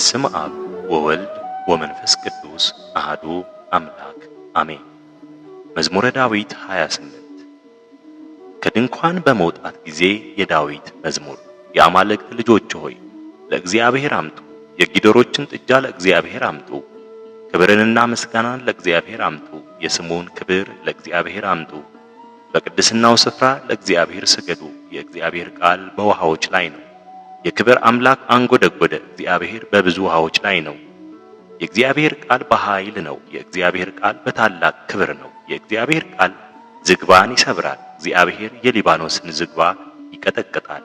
በስም አብ ወወልድ ወመንፈስ ቅዱስ አህዱ አምላክ አሜን። መዝሙረ ዳዊት 28 ከድንኳን በመውጣት ጊዜ የዳዊት መዝሙር። የአማልክት ልጆች ሆይ ለእግዚአብሔር አምጡ፣ የጊደሮችን ጥጃ ለእግዚአብሔር አምጡ። ክብርንና ምስጋናን ለእግዚአብሔር አምጡ፣ የስሙን ክብር ለእግዚአብሔር አምጡ። በቅድስናው ስፍራ ለእግዚአብሔር ስገዱ፣ የእግዚአብሔር ቃል በውሃዎች ላይ ነው። የክብር አምላክ አንጎደጎደ። እግዚአብሔር በብዙ ውሃዎች ላይ ነው። የእግዚአብሔር ቃል በኃይል ነው። የእግዚአብሔር ቃል በታላቅ ክብር ነው። የእግዚአብሔር ቃል ዝግባን ይሰብራል። እግዚአብሔር የሊባኖስን ዝግባ ይቀጠቅጣል፣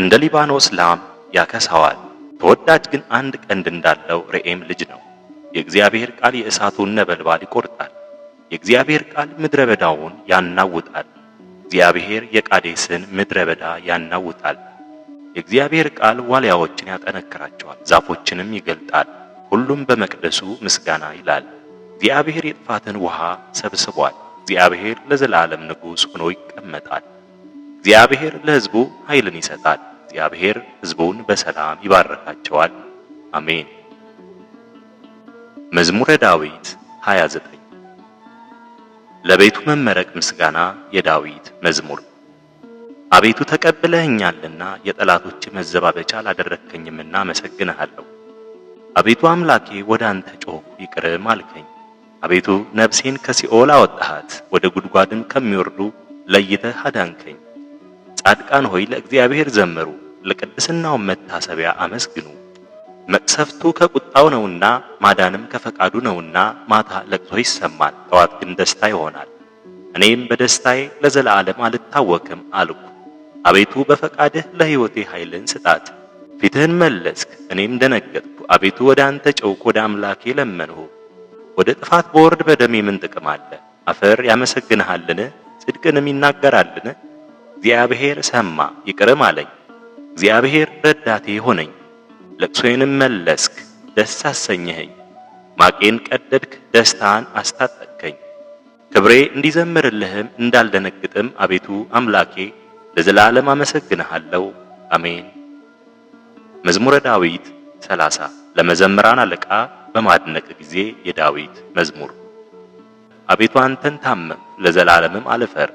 እንደ ሊባኖስ ላም ያከሳዋል። ተወዳጅ ግን አንድ ቀንድ እንዳለው ርኤም ልጅ ነው። የእግዚአብሔር ቃል የእሳቱን ነበልባል ይቆርጣል። የእግዚአብሔር ቃል ምድረ በዳውን ያናውጣል። እግዚአብሔር የቃዴስን ምድረ በዳ ያናውጣል። የእግዚአብሔር ቃል ዋልያዎችን ያጠነክራቸዋል፣ ዛፎችንም ይገልጣል። ሁሉም በመቅደሱ ምስጋና ይላል። እግዚአብሔር የጥፋትን ውሃ ሰብስቧል። እግዚአብሔር ለዘላለም ንጉሥ ሆኖ ይቀመጣል። እግዚአብሔር ለሕዝቡ ኃይልን ይሰጣል። እግዚአብሔር ሕዝቡን በሰላም ይባርካቸዋል። አሜን። መዝሙረ ዳዊት 29 ለቤቱ መመረቅ ምስጋና የዳዊት መዝሙር አቤቱ ተቀብለህኛልና የጠላቶች መዘባበቻ አላደረከኝምና አመሰግንሃለሁ። አቤቱ አምላኬ ወደ አንተ ጮህ ይቅርም አልከኝ። አቤቱ ነፍሴን ከሲኦል አወጣሃት፣ ወደ ጉድጓድም ከሚወርዱ ለይተህ አዳንከኝ። ጻድቃን ሆይ ለእግዚአብሔር ዘምሩ፣ ለቅድስናው መታሰቢያ አመስግኑ። መቅሰፍቱ ከቁጣው ነውና ማዳንም ከፈቃዱ ነውና፣ ማታ ለቅሶ ይሰማል፣ ጠዋት ግን ደስታ ይሆናል። እኔም በደስታዬ ለዘላለም አልታወክም አልኩ። አቤቱ በፈቃድህ ለሕይወቴ ኃይልን ስጣት። ፊትህን መለስክ፣ እኔም ደነገጥኩ። አቤቱ ወደ አንተ ጨውቅ፣ ወደ አምላኬ ለመንሁ። ወደ ጥፋት በወርድ በደሜ ምን ጥቅም አለ? አፈር ያመሰግንሃልን? ጽድቅንም ይናገራልን? እግዚአብሔር ሰማ ይቅርም አለኝ። እግዚአብሔር ረዳቴ ሆነኝ፣ ለቅሶዬንም መለስክ፣ ደስ አሰኘኸኝ። ማቄን ቀደድክ፣ ደስታን አስታጠቅከኝ። ክብሬ እንዲዘምርልህም እንዳልደነግጥም አቤቱ አምላኬ ለዘላለም አመሰግንሃለሁ። አሜን። መዝሙረ ዳዊት 30 ለመዘምራን አለቃ በማድነቅ ጊዜ የዳዊት መዝሙር። አቤቱ አንተን ታመም፣ ለዘላለምም አልፈር።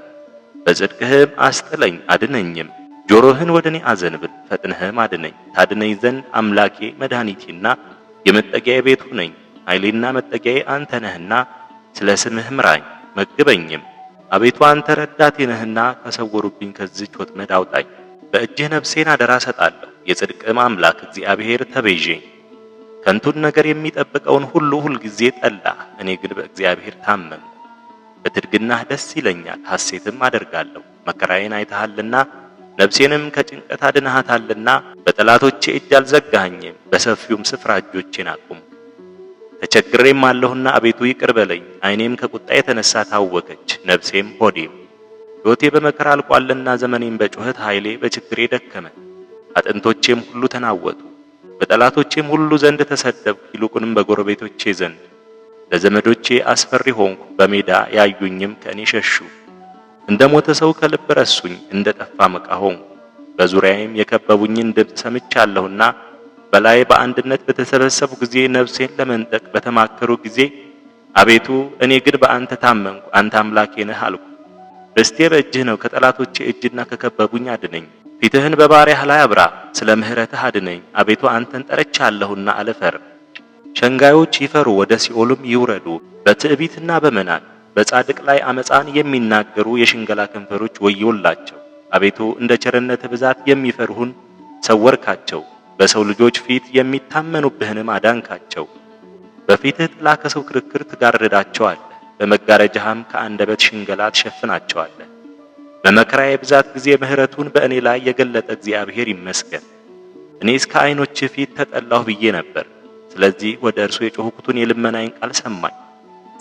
በጽድቅህም አስጥለኝ አድነኝም። ጆሮህን ወደ እኔ አዘንብል፣ ፈጥነህም አድነኝ። ታድነኝ ዘንድ አምላኬ መድኃኒቴና የመጠጊያዬ ቤት ሁነኝ። ኃይሌና መጠጊያዬ አንተ ነህና ስለ ስምህ ምራኝ መግበኝም አቤቱ አንተ ረዳቴ ነህና ከሰወሩብኝ ከዚች ወጥመድ አውጣኝ። በእጅህ ነፍሴን አደራ ሰጣለሁ። የጽድቅም አምላክ እግዚአብሔር ተቤዠኝ። ከንቱን ነገር የሚጠብቀውን ሁሉ ሁልጊዜ ጠላ። እኔ ግን በእግዚአብሔር ታመም። በትድግናህ ደስ ይለኛል፣ ሐሴትም አደርጋለሁ። መከራዬን አይተሃልና ነፍሴንም ከጭንቀት አድነሃታልና። በጠላቶቼ እጅ አልዘጋኸኝም፣ በሰፊውም ስፍራ እጆቼን አቁም። ተቸግሬም አለሁና አቤቱ ይቅር በለኝ። ዓይኔም ከቁጣ የተነሳ ታወከች፣ ነፍሴም ሆዴም ሕይወቴ በመከራ አልቋልና ዘመኔም በጩኸት ኃይሌ በችግሬ ደከመ። አጥንቶቼም ሁሉ ተናወጡ፣ በጠላቶቼም ሁሉ ዘንድ ተሰደብኩ፣ ይልቁንም በጎረቤቶቼ ዘንድ ለዘመዶቼ አስፈሪ ሆንኩ። በሜዳ ያዩኝም ከእኔ ሸሹ። እንደ ሞተ ሰው ከልብ ረሱኝ፣ እንደ ጠፋ መቃ ሆንኩ። በዙሪያዬም የከበቡኝን ድምፅ ሰምቻለሁና በላይ በአንድነት በተሰበሰቡ ጊዜ ነፍሴን ለመንጠቅ በተማከሩ ጊዜ አቤቱ እኔ ግን በአንተ ታመንኩ፣ አንተ አምላኬ ነህ አልኩ። ርስቴ በእጅህ ነው፣ ከጠላቶቼ እጅና ከከበቡኝ አድነኝ። ፊትህን በባሪያህ ላይ አብራ፣ ስለ ምሕረትህ አድነኝ። አቤቱ አንተን ጠረቻለሁና አልፈር። ሸንጋዮች ይፈሩ፣ ወደ ሲኦልም ይውረዱ። በትዕቢትና በመናት በጻድቅ ላይ አመፃን የሚናገሩ የሽንገላ ከንፈሮች ወዮላቸው። አቤቱ እንደ ቸርነት ብዛት የሚፈርሁን ሰወርካቸው። በሰው ልጆች ፊት የሚታመኑብህንም አዳንካቸው። በፊትህ ጥላ ከሰው ክርክር ትጋርዳቸዋለህ፣ በመጋረጃህም ከአንደበት ሽንገላ ትሸፍናቸዋለህ። በመከራ የብዛት ጊዜ ምሕረቱን በእኔ ላይ የገለጠ እግዚአብሔር ይመስገን። እኔስ ከዓይኖችህ ፊት ተጠላሁ ብዬ ነበር፣ ስለዚህ ወደ እርሱ የጮኽኩትን የልመናዬን ቃል ሰማኝ።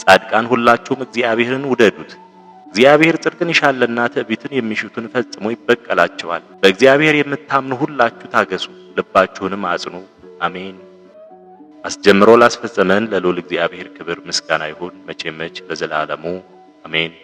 ጻድቃን ሁላችሁም እግዚአብሔርን ውደዱት። እግዚአብሔር ጽድቅን ይሻለና ትዕቢትን የሚሹትን ፈጽሞ ይበቀላቸዋል። በእግዚአብሔር የምታምኑ ሁላችሁ ታገሱ። ልባችሁንም አጽኑ። አሜን። አስጀምሮ ላስፈጸመን ለልዑል እግዚአብሔር ክብር ምስጋና ይሁን መቼ መች ለዘላለሙ አሜን።